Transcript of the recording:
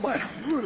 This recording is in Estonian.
Bueno.